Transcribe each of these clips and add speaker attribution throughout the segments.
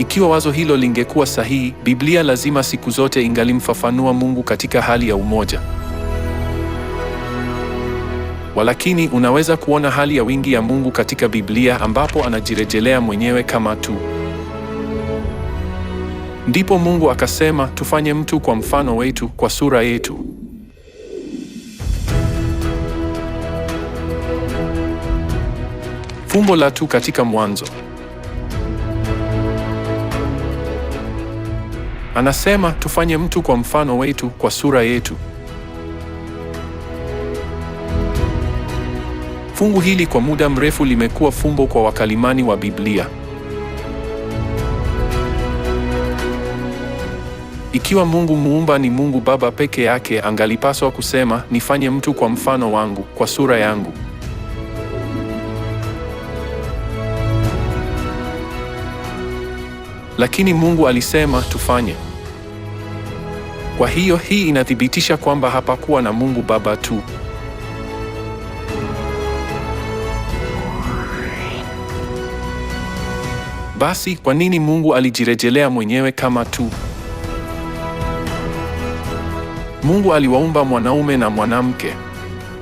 Speaker 1: Ikiwa wazo hilo lingekuwa sahihi, Biblia lazima siku zote ingalimfafanua Mungu katika hali ya umoja. Walakini, unaweza kuona hali ya wingi ya Mungu katika Biblia ambapo anajirejelea mwenyewe kama tu. Ndipo Mungu akasema, tufanye mtu kwa mfano wetu, kwa sura yetu. Fumbo la tu katika Mwanzo. Anasema tufanye mtu kwa mfano wetu, kwa sura yetu. Fungu hili kwa muda mrefu limekuwa fumbo kwa wakalimani wa Biblia. Ikiwa Mungu muumba ni Mungu Baba peke yake, angalipaswa kusema nifanye mtu kwa mfano wangu, kwa sura yangu. Lakini Mungu alisema tufanye kwa hiyo hii inathibitisha kwamba hapakuwa na Mungu Baba tu. Basi kwa nini Mungu alijirejelea mwenyewe kama tu? Mungu aliwaumba mwanaume na mwanamke.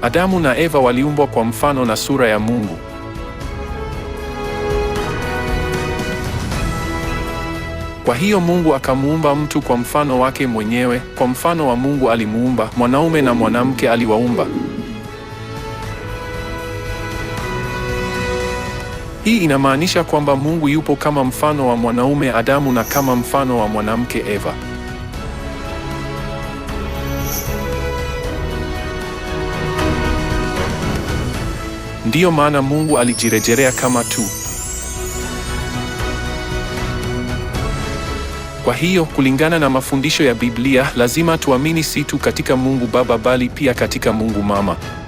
Speaker 1: Adamu na Eva waliumbwa kwa mfano na sura ya Mungu. Kwa hiyo Mungu akamuumba mtu kwa mfano wake mwenyewe, kwa mfano wa Mungu alimuumba, mwanaume na mwanamke aliwaumba. Hii inamaanisha kwamba Mungu yupo kama mfano wa mwanaume Adamu na kama mfano wa mwanamke Eva. Ndiyo maana Mungu alijirejelea kama tu Kwa hiyo kulingana na mafundisho ya Biblia, lazima tuamini si tu katika Mungu Baba bali pia katika Mungu Mama.